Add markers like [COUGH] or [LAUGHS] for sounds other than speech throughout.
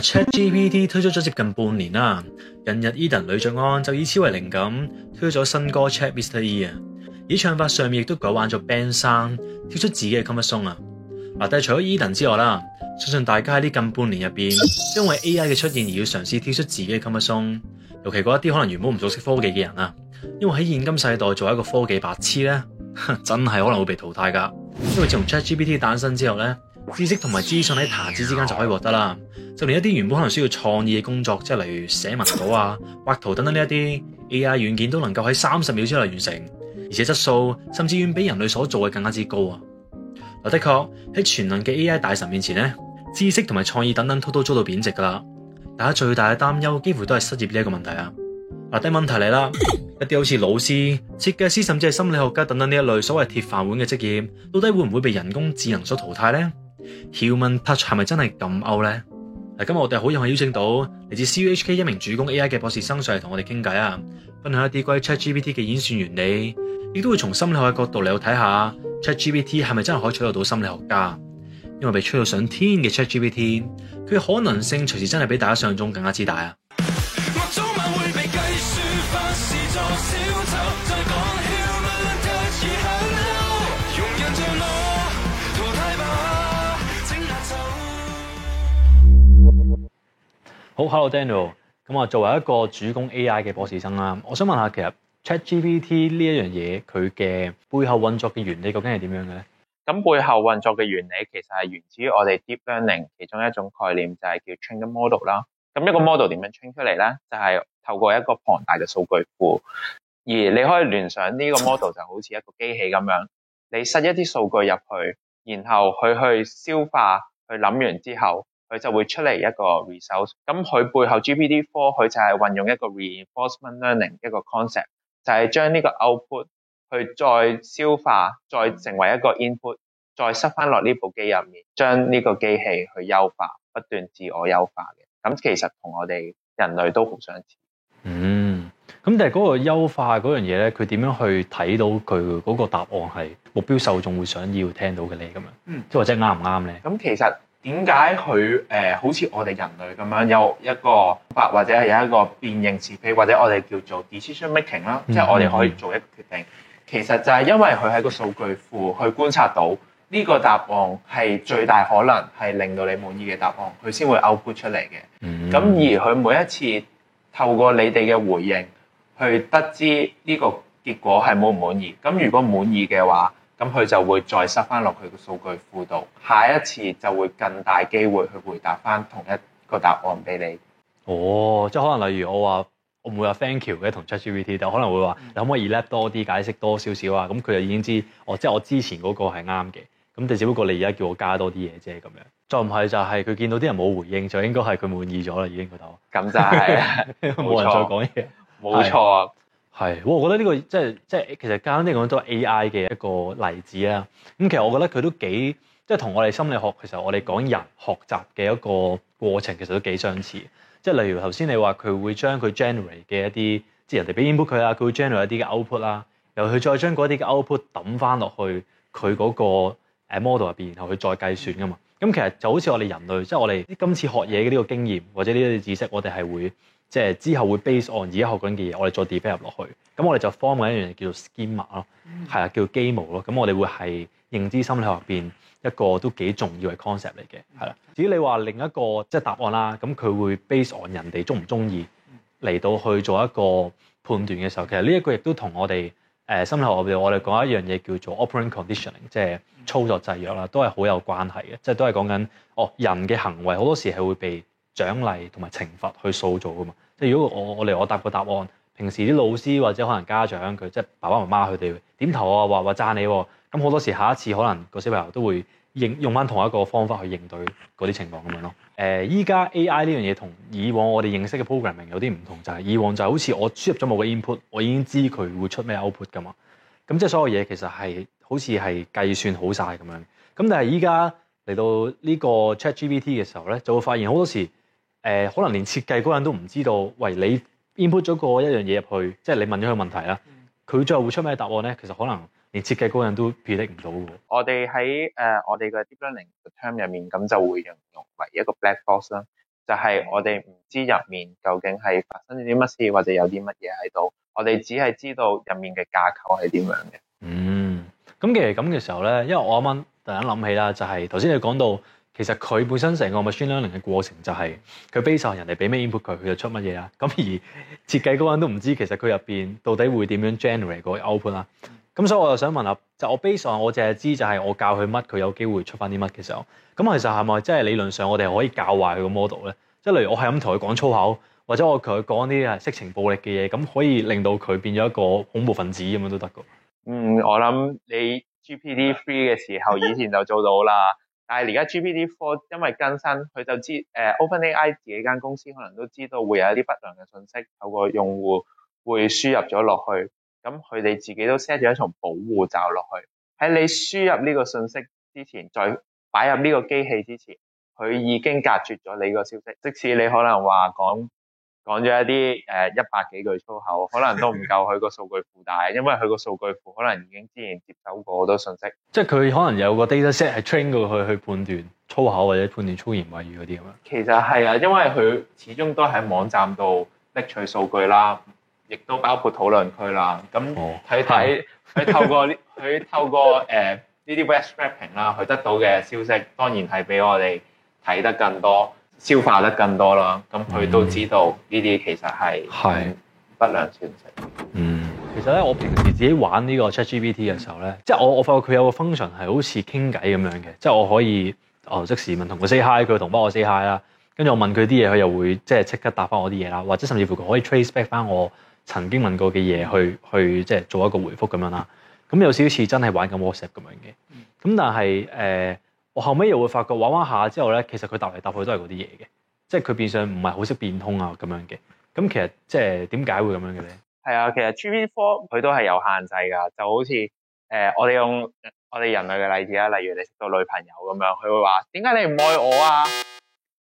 ChatGPT 推出咗接近半年啦，近日 Edan 呂俊安就以此為靈感，推咗新歌《Chat Mister E》啊，以唱法上面亦都改玩咗 band sound，跳出自己嘅 come up song 啊。嗱，但係除咗 Edan 之外啦，相信大家喺呢近半年入邊，因為 A I 嘅出現而要嘗試跳出自己嘅 come up song，尤其嗰一啲可能原本唔熟悉科技嘅人啦，因為喺現今世代做一個科技白痴咧，真係可能會被淘汰噶。因為自從 Chat GPT 誕生之後咧。知識同埋資訊喺彈指之間就可以獲得啦。就連一啲原本可能需要創意嘅工作，即係例如寫文稿啊、畫圖等等呢一啲 AI 軟件都能夠喺三十秒之內完成，而且質素甚至遠比人類所做嘅更加之高啊！嗱，的確喺全能嘅 AI 大神面前呢，知識同埋創意等等都都遭到貶值噶啦。大家最大嘅擔憂幾乎都係失業呢一個問題啊！嗱，第一問題嚟啦，一啲好似老師、設計師甚至係心理學家等等呢一類所謂鐵飯碗嘅職業，到底會唔會被人工智能所淘汰呢？Human touch 係咪真係咁歐咧？嗱，今日我哋好榮幸邀請到嚟自 CUHK 一名主攻 AI 嘅博士生上嚟同我哋傾偈啊，分享一啲關於 ChatGPT 嘅演算原理，亦都會從心理學嘅角度嚟到睇下 ChatGPT 係咪真係可以取代到心理學家？因為被吹到上天嘅 ChatGPT，佢嘅可能性隨時真係比大家想象中更加之大啊！好，hello Daniel。咁啊，作為一個主攻 AI 嘅博士生啦，我想問下，其實 ChatGPT 呢一樣嘢，佢嘅背後運作嘅原理究竟係點樣嘅咧？咁背後運作嘅原理其實係源自於我哋 deep learning 其中一種概念就，就係叫 training model 啦。咁一個 model 點樣 train 出嚟咧？就係透過一個龐大嘅數據庫，而你可以聯想呢個 model 就好似一個機器咁樣，你塞一啲數據入去，然後佢去，去消化、去諗完之後。佢就會出嚟一個 result，咁佢背後 GPT-4 佢就係運用一個 reinforcement learning 一個 concept，就係將呢個 output 去再消化，再成為一個 input，再塞翻落呢部機入面，將呢個機器去優化，不斷自我優化嘅。咁其實同我哋人類都好相似。嗯，咁但係嗰個優化嗰樣嘢咧，佢點樣去睇到佢嗰個答案係目標受眾會想要聽到嘅你咁樣，即係、嗯、或者啱唔啱咧？咁其實。點解佢誒好似我哋人類咁樣，有一個或或者係有一個辨認是非，或者我哋叫做 decision making 啦，即係我哋可以做一個決定。其實就係因為佢喺個數據庫去觀察到呢個答案係最大可能係令到你滿意嘅答案，佢先會 output 出嚟嘅。咁而佢每一次透過你哋嘅回應去得知呢個結果係滿唔滿意。咁如果滿意嘅話，咁佢就會再塞翻落去個數據庫度，下一次就會更大機會去回答翻同一個答案俾你。哦，即係可能例如我話，我唔會話 thank you 嘅同 ChatGPT，但可能會話，嗯、你可唔可以 relap 多啲解釋多少少啊？咁、嗯、佢就已經知，哦，即係我之前嗰個係啱嘅。咁就只不過你而家叫我加多啲嘢啫咁樣。再唔係就係佢見到啲人冇回應，就應該係佢滿意咗啦，已經嗰度。咁就係，冇人再講嘢。冇錯。是係，我覺得呢，這個即係即係其實講緊呢個都係 A.I. 嘅一個例子啦。咁其實我覺得佢都幾即係同我哋心理學，其實我哋講人學習嘅一個過程，其實都幾相似。即係例如頭先你話佢會將佢 generate 嘅一啲即係人哋俾 input 佢啊，佢會 generate 一啲嘅 output 啦，然後佢再將嗰啲嘅 output 抌翻落去佢嗰個誒 model 入邊，然後佢再計算噶嘛。咁、嗯、其實就好似我哋人類，即、就、係、是、我哋今次學嘢嘅呢個經驗或者呢啲知識，我哋係會。即係之後會 base on 而家學緊嘅嘢，我哋再 develop 落去。咁我哋就 form 緊一樣嘢叫做 schema 咯、mm，係、hmm。啊，叫做基模咯。咁我哋會係認知心理學入邊一個都幾重要嘅 concept 嚟嘅，係啦。至於你話另一個即係、就是、答案啦，咁佢會 base on 人哋鍾唔鍾意嚟到去做一個判斷嘅時候，其實呢一個亦都同我哋誒、呃、心理學入邊我哋講一樣嘢叫做 operant conditioning，即係操作制約啦，都係好有關係嘅。即、就、係、是、都係講緊哦，人嘅行為好多時係會被獎勵同埋懲罰去塑造噶嘛。即係如果我我嚟我答個答案，平時啲老師或者可能家長佢即係爸爸媽媽佢哋點頭啊，話話讚你、啊，咁好多時下一次可能個小朋友都會用用翻同一個方法去應對嗰啲情況咁樣咯。誒、呃，依家 A I 呢樣嘢同以往我哋認識嘅 programming 有啲唔同，就係、是、以往就係好似我輸入咗某個 input，我已經知佢會出咩 output 噶嘛。咁即係所有嘢其實係好似係計算好晒咁樣。咁但係依家嚟到呢個 ChatGPT 嘅時候咧，就會發現好多時。誒、呃、可能連設計嗰人都唔知道，喂，你 input 咗個一樣嘢入去，即係你問咗個問題啦，佢、嗯、最後會出咩答案咧？其實可能連設計嗰人都 predict 唔到嘅。我哋喺誒我哋嘅 deep learning term 入面，咁就會形容為一個 black box 啦，就係我哋唔知入面究竟係發生咗啲乜事，或者有啲乜嘢喺度，我哋只係知道入面嘅架構係點樣嘅。嗯，咁其實咁嘅時候咧，因為我啱啱突然間諗起啦，就係頭先你講到。其實佢本身成個 machine learning 嘅過程就係佢 base 人哋俾咩 input 佢，佢就出乜嘢啊。咁而設計嗰個人都唔知，其實佢入邊到底會點樣 generate 嗰個 output 啦。咁所以我又想問下，就係、我 base 我淨係知就係我教佢乜，佢有機會出翻啲乜嘅時候。咁其實係咪真係理論上我哋可以教壞佢個 model 咧？即、就、係、是、例如我係咁同佢講粗口，或者我同佢講啲啊色情暴力嘅嘢，咁可以令到佢變咗一個恐怖分子咁樣都得噶？嗯，我諗你 GPT three 嘅時候以前就做到啦。 [LAUGHS] 但係而家 GPT 4因為更新，佢就知，誒、呃、OpenAI 自己間公司可能都知道會有一啲不良嘅信息有個用戶會輸入咗落去，咁佢哋自己都 set 咗一層保護罩落去，喺你輸入呢個信息之前，再擺入呢個機器之前，佢已經隔絕咗你個消息，即使你可能話講。講咗一啲誒一百幾句粗口，可能都唔夠佢個數據庫大，因為佢個數據庫可能已經之前接收過好多信息，即係佢可能有個 data set 係 train 過佢去，去判斷粗口或者判斷粗言穢語嗰啲咁啊。其實係啊，因為佢始終都喺網站度拎取數據啦，亦都包括討論區啦。咁睇睇佢透過佢 [LAUGHS] 透過誒呢、呃、啲 web scraping 啦，佢得到嘅消息當然係比我哋睇得更多。消化得更多啦，咁佢都知道呢啲其實係不良消息。嗯，其實咧，我平時自己玩呢個 ChatGPT 嘅時候咧，即係我我發覺佢有個 function 係好似傾偈咁樣嘅，即係我可以哦即時問同佢 say hi，佢同我 say hi 啦，跟住我問佢啲嘢，佢又會即係即刻答翻我啲嘢啦，或者甚至乎佢可以 trace back 翻我曾經問過嘅嘢去去即係做一個回覆咁樣啦。咁有少少似真係玩緊 WhatsApp 咁樣嘅。咁但係誒。呃我後尾又會發覺玩玩下之後咧，其實佢搭嚟搭去都係嗰啲嘢嘅，即係佢變相唔係好識變通啊，咁樣嘅。咁其實即係點解會咁樣嘅咧？係啊，其實 GPT four 佢都係有限制噶，就好似誒、呃，我哋用我哋人類嘅例子啦，例如你識到女朋友咁樣，佢會話點解你唔愛我啊？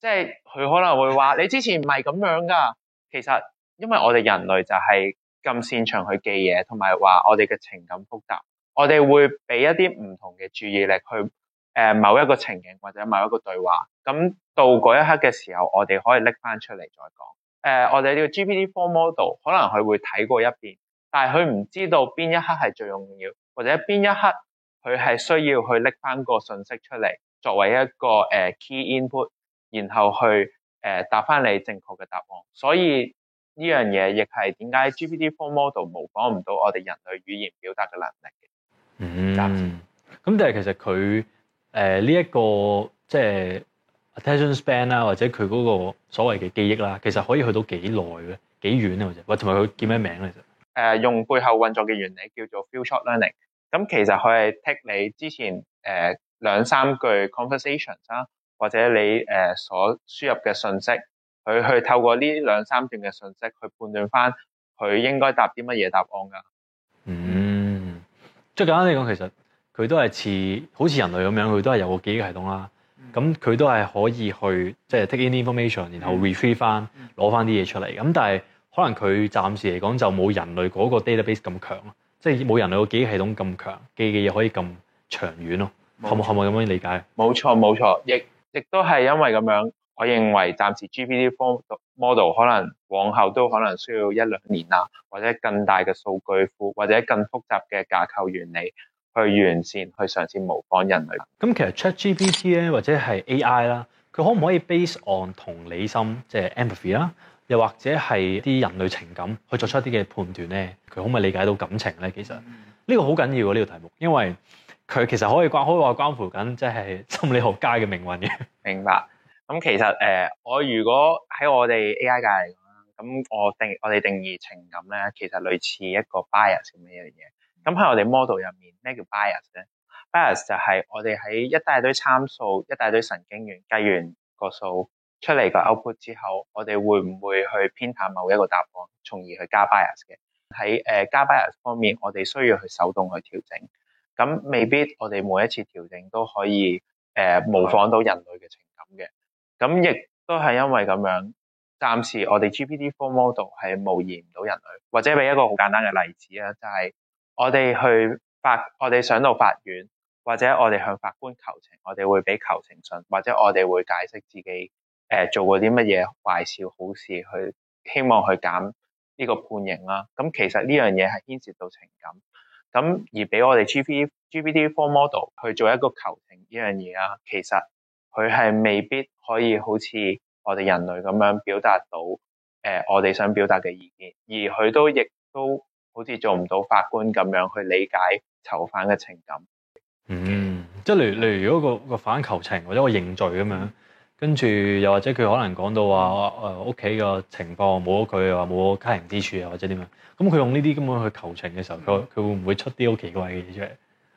即係佢可能會話你之前唔係咁樣噶。其實因為我哋人類就係咁擅長去記嘢，同埋話我哋嘅情感複雜，我哋會俾一啲唔同嘅注意力去。誒某一個情景或者某一個對話，咁到嗰一刻嘅時候，我哋可以拎翻出嚟再講。誒、呃，我哋呢個 GPT four model 可能佢會睇過一遍，但係佢唔知道邊一刻係最重要，或者邊一刻佢係需要去拎翻個信息出嚟作為一個誒、呃、key input，然後去誒、呃、答翻你正確嘅答案。所以呢樣嘢亦係點解 GPT four model 模仿唔到我哋人類語言表達嘅能力嘅？嗯，咁誒但係其實佢。誒呢一個即係 attention span 啦，或者佢嗰個所謂嘅記憶啦，其實可以去到幾耐嘅，幾遠咧，或者，或同埋佢叫咩名其實誒、呃、用背後運作嘅原理叫做 few shot learning。咁其實佢係 take 你之前誒兩、呃、三句 conversation 啦，或者你誒、呃、所輸入嘅信息，佢去透過呢兩三段嘅信息去判斷翻佢應該答啲乜嘢答案㗎。嗯，即係簡單嚟講，其實。佢都係似好似人類咁樣，佢都係有個記憶系統啦。咁佢、嗯、都係可以去即係、就是、take in information，然後 retrieve 翻攞翻啲嘢出嚟。咁但係可能佢暫時嚟講就冇人類嗰個 database 咁強，即係冇人類個記憶系統咁強記嘅嘢可以咁長遠咯。可唔可唔可以咁樣理解？冇錯冇錯，亦亦都係因為咁樣，我認為暫時 GPT model 可能往後都可能需要一兩年啊，或者更大嘅數據庫，或者更複雜嘅架構原理，去完善，去嘗試模仿人類。咁、嗯嗯、其實 ChatGPT 咧，T, 或者係 AI 啦，佢可唔可以 base on 同理心，即、就、係、是、empathy 啦，又或者係啲人類情感去作出一啲嘅判斷咧？佢可唔可以理解到感情咧？其實呢、嗯、個好緊要嘅呢、這個題目，因為佢其實可以關，可以話關乎緊即係心理學界嘅命運嘅。明白。咁其實誒、呃，我如果喺我哋 AI 界嚟講啦，咁我定我哋定義情感咧，其實類似一個 bias 咁樣嘅嘢。咁喺我哋 model 入面，咩叫 bias 咧？bias 就係我哋喺一大堆參數，一大堆神經元計完個數出嚟個 output 之後，我哋會唔會去偏袒某一個答案，從而去加 bias 嘅？喺誒、呃、加 bias 方面，我哋需要去手動去調整。咁未必我哋每一次調整都可以誒、呃、模仿到人類嘅情感嘅。咁亦都係因為咁樣，暫時我哋 GPT four model 係模擬唔到人類，或者俾一個好簡單嘅例子啊，就係、是。我哋去法，我哋上到法院，或者我哋向法官求情，我哋會俾求情信，或者我哋會解釋自己誒、呃、做過啲乜嘢壞事好事，去希望去減呢個判刑啦。咁、啊嗯、其實呢樣嘢係牽涉到情感，咁、嗯、而俾我哋 GPT GPT Four Model 去做一個求情呢樣嘢啦，其實佢係未必可以好似我哋人類咁樣表達到誒、呃、我哋想表達嘅意見，而佢都亦都。好似做唔到法官咁樣去理解囚犯嘅情感。嗯，即係，例例如，例如，如果、個、個犯求情或者個認罪咁樣，跟住又或者佢可能講到話，誒，屋企個情況冇咗佢，又話冇個家庭支柱，又或者點樣？咁、呃、佢用呢啲咁樣去求情嘅時候，佢佢、嗯、會唔會出啲好奇怪嘅嘢出嚟？誒、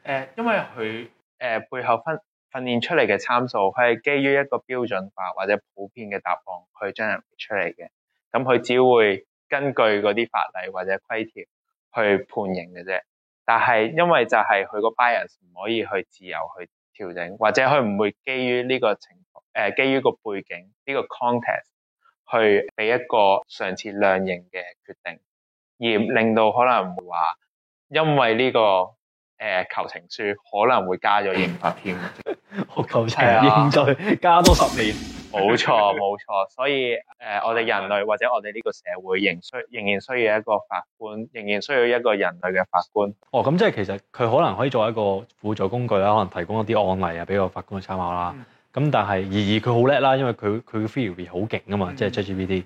呃，因為佢誒、呃、背後訓訓練出嚟嘅參數，佢係基於一個標準化或者普遍嘅答案去將人出嚟嘅。咁佢只會根據嗰啲法例或者規條，去判刑嘅啫，但係因為就係佢個 bias 唔可以去自由去調整，或者佢唔會基於呢個情況誒、呃，基於個背景呢、這個 context 去俾一個上次量刑嘅決定，而令到可能唔會話因為呢、這個誒、呃、求情書可能會加咗刑罰添，好 [LAUGHS] [LAUGHS] 求情認罪 [LAUGHS] 加多十年。冇錯冇錯，所以誒、呃，我哋人類或者我哋呢個社會仍需仍然需要一個法官，仍然需要一個人類嘅法官。哦，咁即係其實佢可能可以做一個輔助工具啦，可能提供一啲案例啊俾個法官參考啦。咁、嗯、但係而而佢好叻啦，因為佢佢嘅 f e 好勁啊嘛，即係 GPT。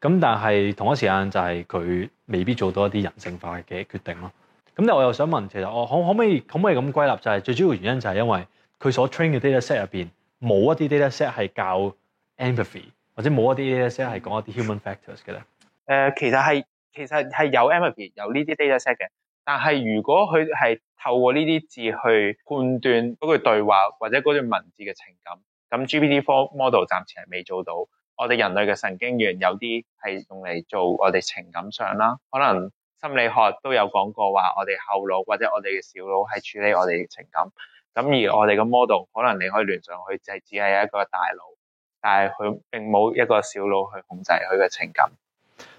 咁但係同一時間就係佢未必做到一啲人性化嘅決定咯。咁但係我又想問，其實我可可唔可以可唔可以咁歸納就係、是、最主要原因就係因為佢所 train 嘅 data set 入邊冇一啲 data set 係教。empathy 或者冇一啲咧，即係講一啲 human factors 嘅咧。誒，其實係其實係有 empathy 有呢啲 data set 嘅。但係如果佢係透過呢啲字去判斷嗰句對話或者嗰段文字嘅情感，咁 GPT-4 model 暫時係未做到。我哋人類嘅神經元有啲係用嚟做我哋情感上啦，可能心理學都有講過話，我哋後腦或者我哋嘅小腦係處理我哋嘅情感。咁而我哋嘅 model 可能你可以聯上去，就係只係一個大腦。但係佢並冇一個小腦去控制佢嘅情感。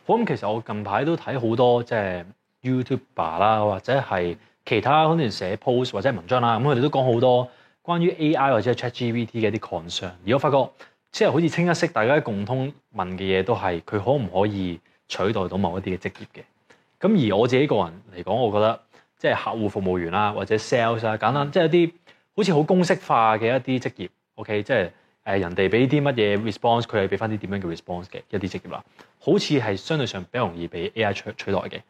咁其實我近排都睇好多即係 YouTuber 啦，或者係其他嗰啲寫 post 或者文章啦，咁佢哋都講好多關於 AI 或者 ChatGPT 嘅一啲 concern，而我發覺即係、就是、好似清一色，大家共通問嘅嘢都係佢可唔可以取代到某一啲嘅職業嘅？咁而我自己個人嚟講，我覺得即係客戶服務員啦，或者 sales 啊，簡單即係、就是、一啲好似好公式化嘅一啲職業。OK，即係。誒人哋俾啲乜嘢 response，佢係俾翻啲點樣嘅 response 嘅一啲職業啦，好似係相對上比較容易俾 AI 取取代嘅。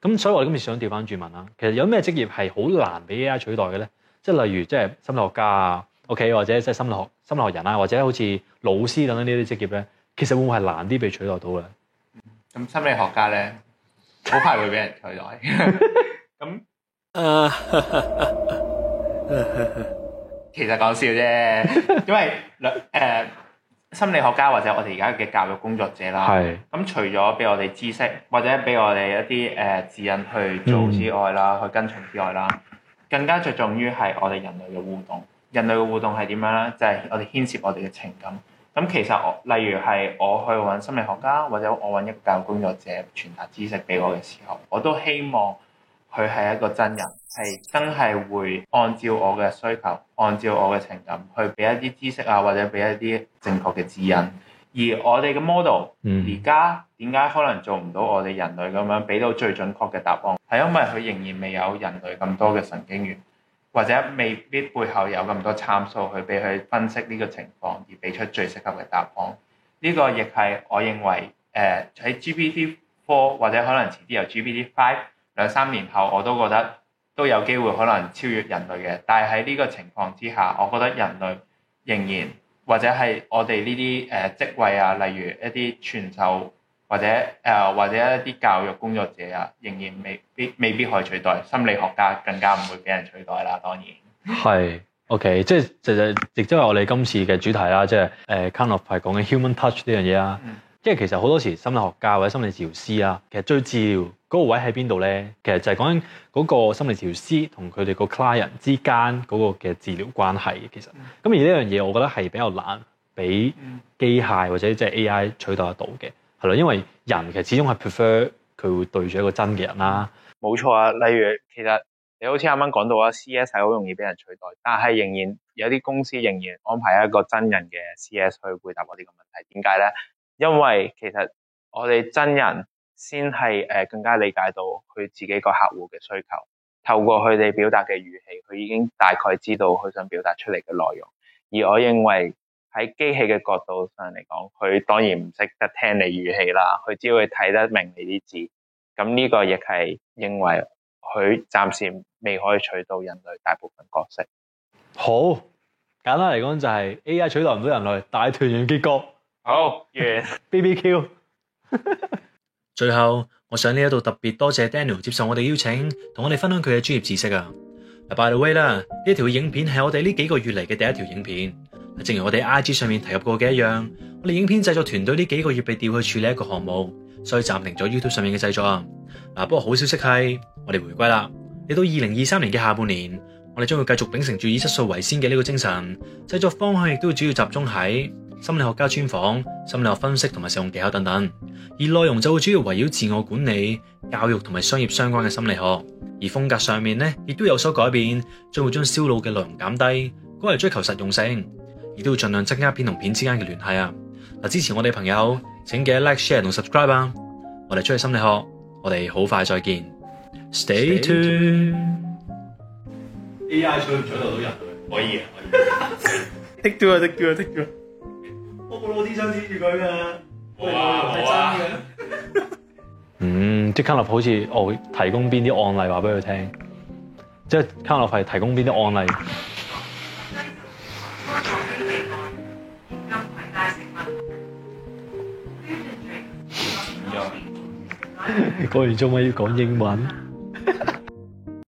咁所以我哋今日想調翻轉問啦，其實有咩職業係好難俾 AI 取代嘅咧？即係例如即係心理學家啊，OK 或者即係心理學心理學人啊，或者好似老師等等呢啲職業咧，其實會唔會係難啲被取代到嘅咧？咁、嗯、心理學家咧，好快會俾人取代 [LAUGHS] [LAUGHS] 那。咁啊～其實講笑啫，因為兩、uh, 心理學家或者我哋而家嘅教育工作者啦，咁是除咗俾我哋知識或者俾我哋一啲誒指引去做之外啦，嗯、去跟從之外啦，更加着重於係我哋人類嘅互動。人類嘅互動係點樣咧？就係、是、我哋牽涉我哋嘅情感。咁其實我例如係我去揾心理學家或者我揾一個教育工作者傳達知識俾我嘅時候，是我都希望佢係一個真人。係真係會按照我嘅需求，按照我嘅情感去俾一啲知識啊，或者俾一啲正確嘅指引。而我哋嘅 model 而家點解可能做唔到我哋人類咁樣俾到最準確嘅答案？係因為佢仍然未有人類咁多嘅神經元，或者未必背後有咁多參數去俾佢分析呢個情況而俾出最適合嘅答案。呢、這個亦係我認為誒喺、呃、GPT Four 或者可能遲啲由 GPT Five 兩三年後我都覺得。都有機會可能超越人類嘅，但係喺呢個情況之下，我覺得人類仍然或者係我哋呢啲誒職位啊，例如一啲傳授或者誒、呃、或者一啲教育工作者啊，仍然未必未必可以取代。心理學家更加唔會俾人取代啦，當然。係 [LAUGHS] ，OK，即係就是、就是，亦即係我哋今次嘅主題啦，即係誒 kind of 係講嘅 human touch 呢樣嘢啊。即係其實好多時心理學家或者心理治療師啊，其實最治療嗰個位喺邊度咧？其實就係講緊嗰個心理治療師同佢哋個 client 之間嗰個嘅治療關係。其實咁、嗯、而呢樣嘢，我覺得係比較難俾機械或者即係 AI 取代得到嘅，係咯、嗯？因為人其實始終係 prefer 佢會對住一個真嘅人啦。冇錯啊，例如其實你好似啱啱講到啊，CS 係好容易俾人取代，但係仍然有啲公司仍然安排一個真人嘅 CS、R、去回答我呢個問題。點解咧？因為其實我哋真人先係誒，更加理解到佢自己個客戶嘅需求，透過佢哋表達嘅語氣，佢已經大概知道佢想表達出嚟嘅內容。而我認為喺機器嘅角度上嚟講，佢當然唔識得聽你語氣啦，佢只會睇得明你啲字。咁呢個亦係認為佢暫時未可以取到人類大部分角色。好簡單嚟講就係 A.I. 取代唔到人類，大團圓結局。好耶 B B Q，最後我想呢一度特別多謝 Daniel 接受我哋邀請，同我哋分享佢嘅專業知識啊。But、by the way 啦，呢一條影片係我哋呢幾個月嚟嘅第一條影片。正如我哋 I G 上面提及過嘅一樣，我哋影片製作團隊呢幾個月被調去處理一個項目，所以暫停咗 YouTube 上面嘅製作。嗱，不過好消息係我哋回歸啦。嚟到二零二三年嘅下半年，我哋將會繼續秉承住以質素為先嘅呢個精神，製作方向亦都會主要集中喺心理學家專訪、心理學分析同埋使用技巧等等，而內容就會主要圍繞自我管理、教育同埋商業相關嘅心理學。而風格上面咧，亦都有所改變，將會將燒腦嘅內容減低，改嚟追求實用性，而都要盡量增加片同片、片之間嘅聯繫啊！嗱，支持我哋嘅朋友，請記得 like、share 同 subscribe 啊！我哋出去心理學，我哋好快再見，stay tuned。A I 採唔採到到人？可以，可以。Take two, take two, take two 我攞啲相指住佢啊。係真嘅。嗯，即係 kind 立 of 好似我會、哦、提供邊啲案例話俾佢聽，即係 kind of 係提供邊啲案例？你講完中文要講英文？